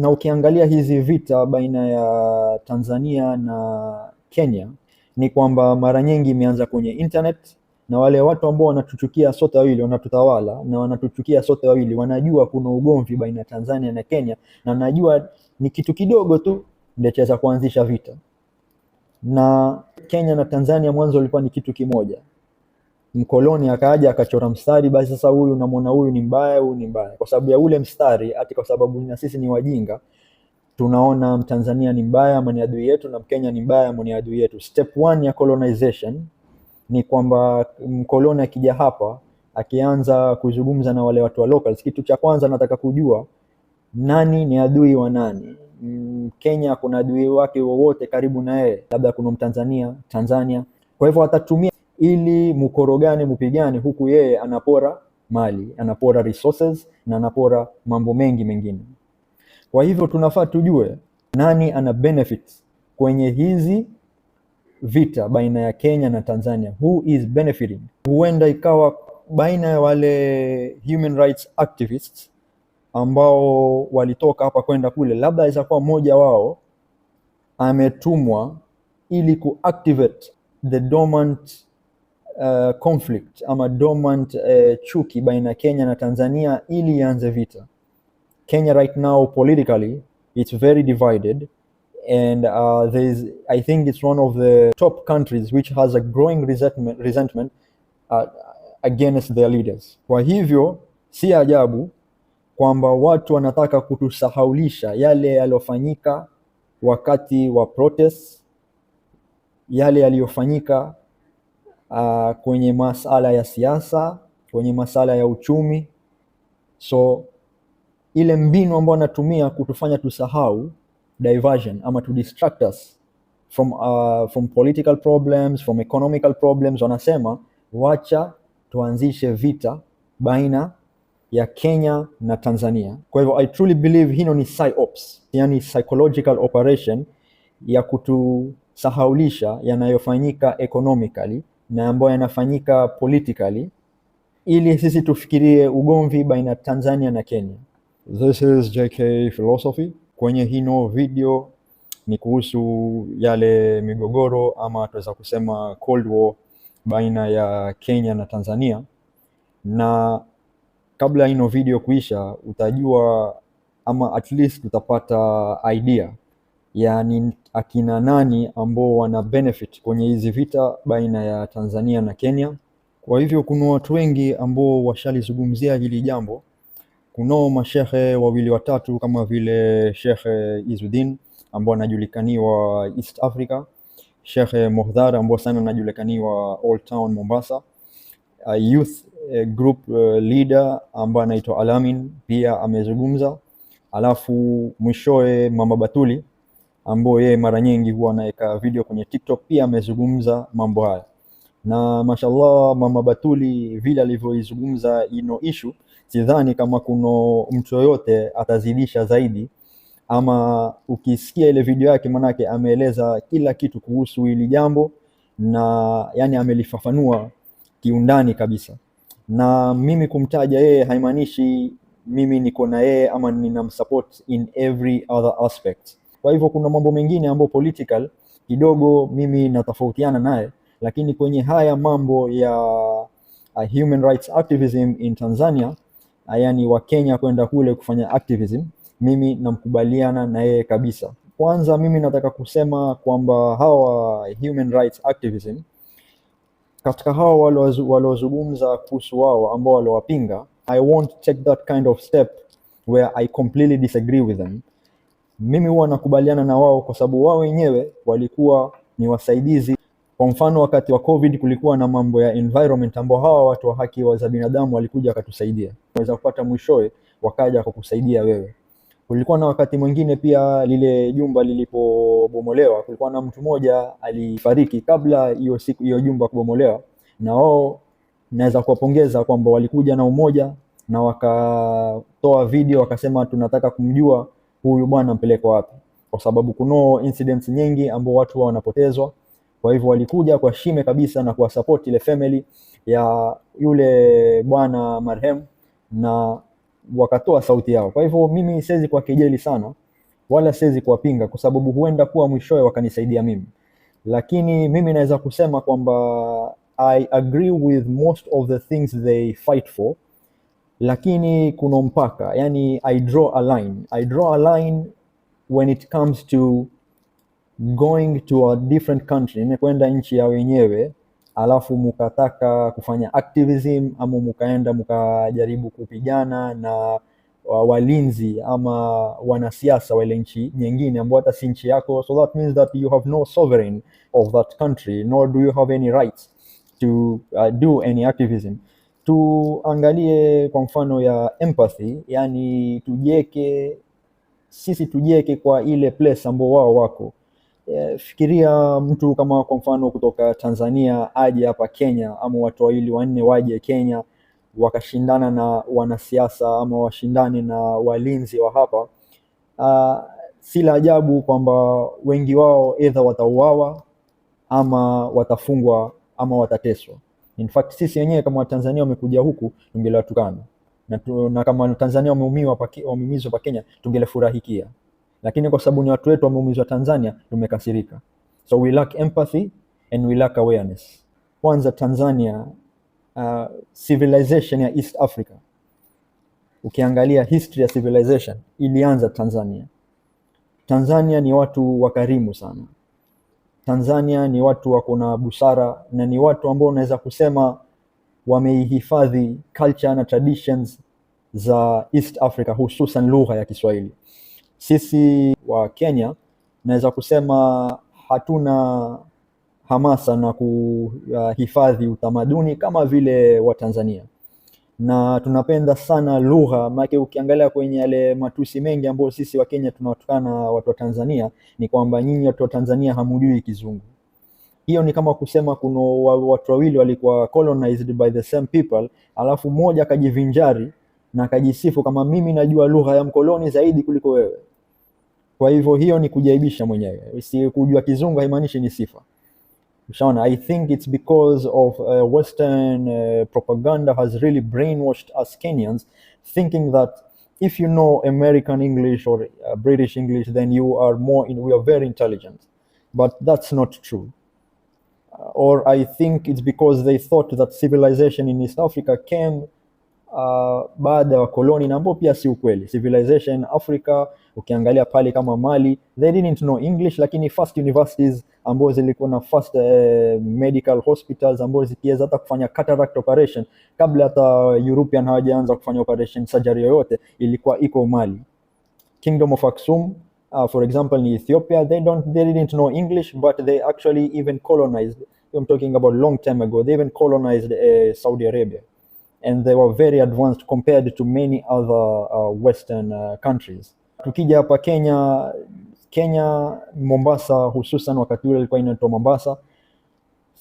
na ukiangalia hizi vita baina ya Tanzania na Kenya ni kwamba mara nyingi imeanza kwenye internet, na wale watu ambao wanatuchukia sote wawili wanatutawala na wanatuchukia sote wawili, wanajua kuna ugomvi baina ya Tanzania na Kenya, na najua ni kitu kidogo tu ndio chaweza kuanzisha vita. Na Kenya na Tanzania mwanzo walikuwa ni kitu kimoja, mkoloni akaja akachora mstari, basi sasa huyu namwona huyu ni mbaya, huyu ni mbaya kwa sababu ya ule mstari, ati kwa sababu na sisi ni wajinga tunaona Mtanzania ni mbaya ama ni adui yetu na Mkenya ni mbaya ama ni adui yetu. Step one ya colonization ni kwamba mkoloni akija hapa akianza kuzungumza na wale watu wa locals, kitu cha kwanza nataka kujua nani ni adui wa nani. Mkenya mm, kuna adui wake wowote karibu na yeye, labda kuna Mtanzania Tanzania, kwa hivyo atatumia ili mukorogane, mupigane, huku yeye anapora mali, anapora resources na anapora mambo mengi mengine. Kwa hivyo tunafaa tujue nani ana benefit kwenye hizi vita baina ya Kenya na Tanzania, who is benefiting. Huenda ikawa baina ya wale human rights activists ambao walitoka hapa kwenda kule, labda aweza kuwa mmoja wao ametumwa ili kuactivate the dormant Uh, conflict ama dormant uh, chuki baina ya Kenya na Tanzania ili ianze vita. Kenya right now politically it's very divided and uh, there's I think it's one of the top countries which has a growing resentment, resentment uh, against their leaders. Kwa hivyo si ajabu kwamba watu wanataka kutusahaulisha yale yaliyofanyika wakati wa protests, yale yaliyofanyika uh, kwenye masala ya siasa, kwenye masala ya uchumi. So ile mbinu ambayo anatumia kutufanya tusahau diversion ama to distract us from, uh, from political problems from economical problems, wanasema wacha tuanzishe vita baina ya Kenya na Tanzania. Kwa hivyo I truly believe hino ni psyops, yani psychological operation ya kutusahaulisha yanayofanyika economically na ambayo yanafanyika politically ili sisi tufikirie ugomvi baina ya Tanzania na Kenya. This is JK Philosophy. Kwenye hino video ni kuhusu yale migogoro ama tuweza kusema Cold War baina ya Kenya na Tanzania, na kabla hino video kuisha utajua ama at least utapata idea ya ni akina nani ambao wana benefit kwenye hizi vita baina ya Tanzania na Kenya. Kwa hivyo kuna watu wengi ambao washalizungumzia hili jambo. Kunao mashehe wawili watatu kama vile Shekhe Izuddin ambao anajulikaniwa East Africa, Shekhe Mohdhar ambao sana anajulikaniwa Old Town Mombasa, A youth group leader ambaye anaitwa Alamin pia amezungumza, alafu mwishowe Mama Batuli ambao yeye mara nyingi huwa anaweka video kwenye TikTok, pia amezungumza mambo haya na mashallah, mama Batuli vile alivyoizungumza ino issue, sidhani kama kuna mtu yoyote atazidisha zaidi, ama ukisikia ile video yake, manake ameeleza kila kitu kuhusu hili jambo na yani amelifafanua kiundani kabisa. Na mimi kumtaja yeye haimaanishi mimi niko na yeye ama ninamsupport in every other aspects. Kwa hivyo kuna mambo mengine ambayo political kidogo mimi natofautiana naye, lakini kwenye haya mambo ya uh, human rights activism in Tanzania, uh, wa Wakenya kwenda kule kufanya activism, mimi namkubaliana na yeye kabisa. Kwanza mimi nataka kusema kwamba hawa human rights activism katika hawa waliozungumza kuhusu wao ambao waliwapinga, I won't take that kind of step where I completely disagree with them mimi huwa nakubaliana na wao kwa sababu wao wenyewe walikuwa ni wasaidizi. Kwa mfano wakati wa COVID kulikuwa na mambo ya environment ambao hawa watu wa haki za binadamu walikuja wakatusaidia, waweza kupata mwishowe wakaja kukusaidia wewe. Kulikuwa na wakati mwingine pia lile jumba lilipobomolewa, kulikuwa na mtu mmoja alifariki kabla hiyo siku hiyo jumba kubomolewa, na wao naweza kuwapongeza kwamba walikuja na umoja na wakatoa video wakasema tunataka kumjua huyu bwana mpeleka wapi, kwa sababu kuna incidents nyingi ambao watu wanapotezwa. Kwa hivyo walikuja kwa shime kabisa na kuwasapoti ile family ya yule bwana marehemu na wakatoa sauti yao. Kwa hivyo mimi siwezi kejeli sana wala siwezi kuwapinga kwa sababu huenda kuwa mwishowe wakanisaidia mimi, lakini mimi naweza kusema kwamba I agree with most of the things they fight for lakini kuna mpaka, yani I draw a line. I draw a line when it comes to going to a different country, nimekwenda nchi ya wenyewe alafu mukataka kufanya activism ama mukaenda mukajaribu kupigana na walinzi ama wanasiasa wa ile nchi nyingine ambao hata si nchi yako, so that means that you have no sovereign of that country nor do you have any rights to uh, do any activism tuangalie kwa mfano ya empathy, yani tujieke sisi, tujieke kwa ile place ambao wao wako. E, fikiria mtu kama kwa mfano kutoka Tanzania aje hapa Kenya, ama watu wawili wanne waje Kenya wakashindana na wanasiasa ama washindane na walinzi wa hapa. Uh, si la ajabu kwamba wengi wao aidha watauawa ama watafungwa ama watateswa. In fact sisi wenyewe kama Watanzania wamekuja huku tungelewatukana na, tu, na kama Watanzania wameumizwa pa, wameumizwa pa Kenya tungelefurahikia, lakini kwa sababu ni watu wetu wameumizwa Tanzania tumekasirika. So we lack empathy and we lack awareness. Kwanza Tanzania uh, civilization ya East Africa ukiangalia history ya civilization ilianza Tanzania. Tanzania ni watu wakarimu sana. Tanzania ni watu wako na busara na ni watu ambao unaweza kusema wameihifadhi culture na traditions za East Africa, hususan lugha ya Kiswahili. Sisi wa Kenya naweza kusema hatuna hamasa na kuhifadhi utamaduni kama vile Watanzania na tunapenda sana lugha maake, ukiangalia kwenye yale matusi mengi ambayo sisi Wakenya tunawatukana watu wa Tanzania ni kwamba nyinyi watu wa Tanzania hamjui Kizungu. Hiyo ni kama kusema kuna watu wawili walikuwa colonized by the same people, alafu mmoja akajivinjari na akajisifu kama mimi najua lugha ya mkoloni zaidi kuliko wewe. Kwa hivyo hiyo ni kujaibisha mwenyewe. Si kujua Kizungu haimaanishi ni sifa. Sean, I think it's because of uh, Western uh, propaganda has really brainwashed us Kenyans, thinking that if you know American English or uh, British English, then you are more in, we are very intelligent. But that's not true. Uh, or I think it's because they thought that civilization in East Africa came uh, baada ya wakoloni na ambao pia si ukweli. Civilization Africa, ukiangalia pale kama Mali, they didn't know English, lakini first universities ambao zilikuwa na first uh, medical hospitals ambao zikiweza hata kufanya cataract operation kabla hata European hawajaanza kufanya operation surgery yoyote, ilikuwa iko Mali. Kingdom of Aksum uh, for example in Ethiopia they don't they didn't know English but they actually even colonized I'm talking about long time ago they even colonized uh, Saudi Arabia and they were very advanced compared to many other uh, western uh, countries. Tukija hapa Kenya, Kenya Mombasa, hususan wakati ule ilikuwa inaitwa Mombasa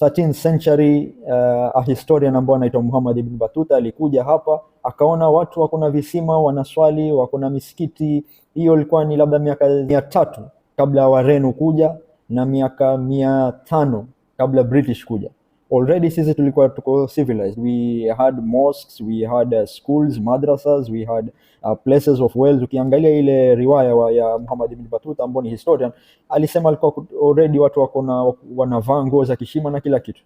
13th century. Uh, a historian ambaye anaitwa Muhammad ibn Batuta alikuja hapa akaona watu wako na visima wanaswali, wako na misikiti. Hiyo ilikuwa ni labda miaka mia tatu kabla ya Wareno kuja na miaka mia tano kabla British kuja already sisi tulikuwa tuko civilized we had mosques we had uh, schools madrasas we had uh, places of wells ukiangalia ile riwaya wa ya Muhammad ibn Batuta ambao ni historian alisema alikuwa already watu wako na wanavaa nguo za kishima na kila kitu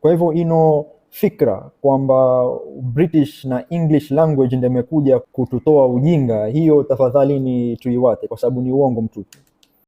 kwa hivyo ino fikra kwamba British na English language ndio imekuja kututoa ujinga, hiyo tafadhali ni tuiwate, kwa sababu ni uongo mtupu.